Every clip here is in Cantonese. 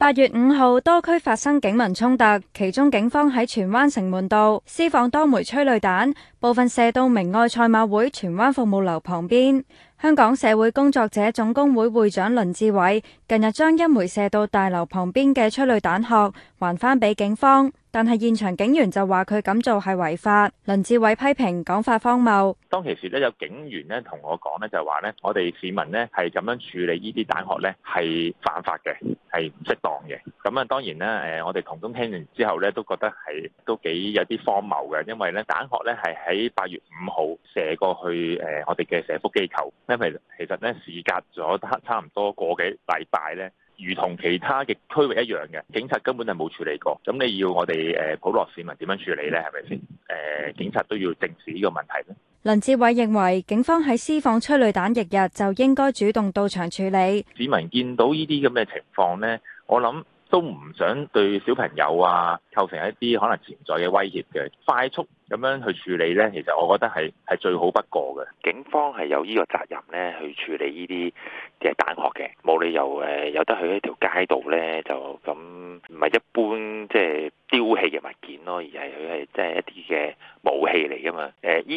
八月五號，多區發生警民衝突，其中警方喺荃灣城門道施放多枚催淚彈，部分射到明愛賽馬會荃灣服務樓旁邊。香港社會工作者總工會會長倫智偉近日將一枚射到大樓旁邊嘅催淚彈殼還返俾警方。但係現場警員就話佢咁做係違法。倫智偉批評講法荒謬。當其時咧，有警員咧同我講咧，就話咧，我哋市民咧係咁樣處理呢啲彈殼咧，係犯法嘅，係唔適當嘅。咁啊，當然啦，誒，我哋同工聽完之後咧，都覺得係都幾有啲荒謬嘅，因為咧彈殼咧係喺八月五號射過去誒、呃，我哋嘅社福機構，因為其實咧事隔咗差唔多個幾禮拜咧，如同其他嘅區域一樣嘅，警察根本係冇處理過。咁你要我哋誒普羅市民點樣處理咧？係咪先誒？警察都要正視呢個問題咧。倫智偉認為，警方喺施放催淚彈翌日就應該主動到場處理。市民見到呢啲咁嘅情況咧，我諗。都唔想對小朋友啊構成一啲可能潛在嘅威脅嘅，快速咁樣去處理呢。其實我覺得係係最好不過嘅。警方係有呢個責任呢去處理呢啲嘅彈殼嘅，冇理由誒、呃、有得去一條街道呢就咁唔係一般。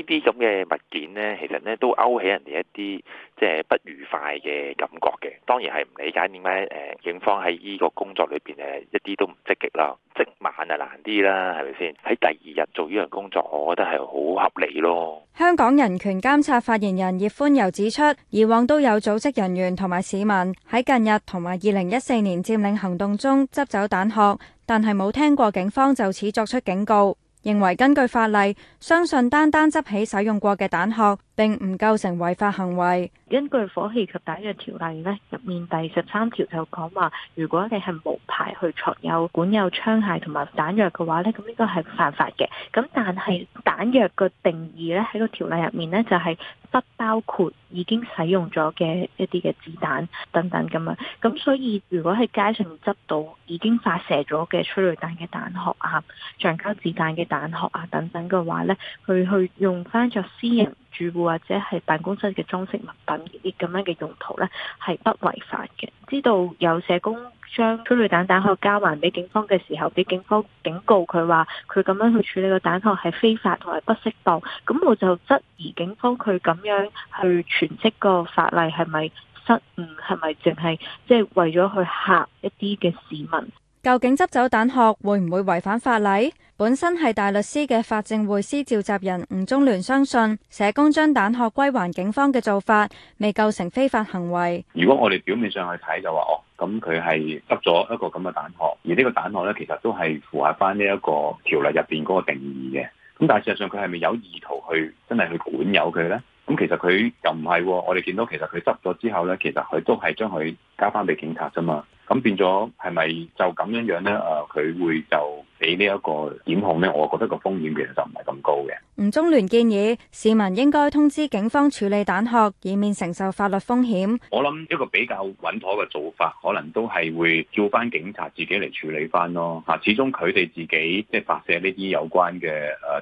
呢啲咁嘅物件呢，其實呢都勾起人哋一啲即係不愉快嘅感覺嘅。當然係唔理解點解誒警方喺呢個工作裏邊誒一啲都唔積極啦。即晚啊難啲啦，係咪先？喺第二日做呢樣工作，我覺得係好合理咯。香港人權監察發言人葉歡又指出，以往都有組織人員同埋市民喺近日同埋二零一四年佔領行動中執走彈殼，但係冇聽過警方就此作出警告。認為根據法例，相信單單執起使用過嘅彈殼，並唔構成違法行為。根據火器及彈藥條例咧，入面第十三條就講話，如果你係無牌去藏有、管有槍械同埋彈藥嘅話咧，咁呢個係犯法嘅。咁但係彈藥嘅定義咧喺個條例入面咧就係、是、不包括已經使用咗嘅一啲嘅子彈等等咁啊。咁所以如果喺街上面執到已經發射咗嘅催淚彈嘅彈殼啊、橡膠子彈嘅彈殼啊等等嘅話咧，佢去用翻作私人。住戶或者係辦公室嘅裝飾物品，呢啲咁樣嘅用途呢係不違法嘅。知道有社工將催淚彈彈殼交還俾警方嘅時候，俾警方警告佢話佢咁樣去處理個彈殼係非法同埋不適當。咁我就質疑警方佢咁樣去詮釋個法例係咪失誤，係咪淨係即係為咗去吓一啲嘅市民？究竟執走彈殼會唔會違反法例？本身係大律師嘅法政匯思召集人吳宗鑾相信社工將彈殼歸還警方嘅做法未構成非法行為。如果我哋表面上去睇就話哦，咁佢係執咗一個咁嘅彈殼，而呢個彈殼咧，其實都係符合翻呢一個條例入邊嗰個定義嘅。咁但係事實上佢係咪有意圖去真係去管有佢咧？咁其實佢又唔係。我哋見到其實佢執咗之後咧，其實佢都係將佢交翻俾警察啫嘛。咁變咗係咪就咁樣樣咧？誒、嗯，佢、呃、會就。俾呢一個檢控咧，我覺得個風險其實就唔係咁高嘅。吳中聯建議市民應該通知警方處理彈殼，以免承受法律風險。我諗一個比較穩妥嘅做法，可能都係會叫翻警察自己嚟處理翻咯。吓，始終佢哋自己即係發射呢啲有關嘅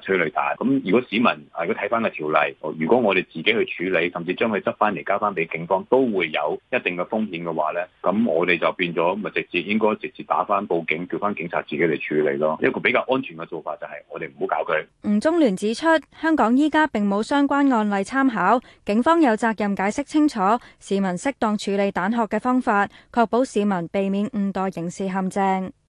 誒催淚彈。咁如果市民如果睇翻個條例，如果我哋自己去處理，甚至將佢執翻嚟交翻俾警方，都會有一定嘅風險嘅話咧，咁我哋就變咗咪直接應該直接打翻報警，叫翻警察自己嚟處理咯。一個比較安全嘅做法就係我哋唔好搞佢。吳中聯指出，香港依家並冇相關案例參考，警方有責任解釋清楚，市民適當處理彈殼嘅方法，確保市民避免誤墮刑事陷阱。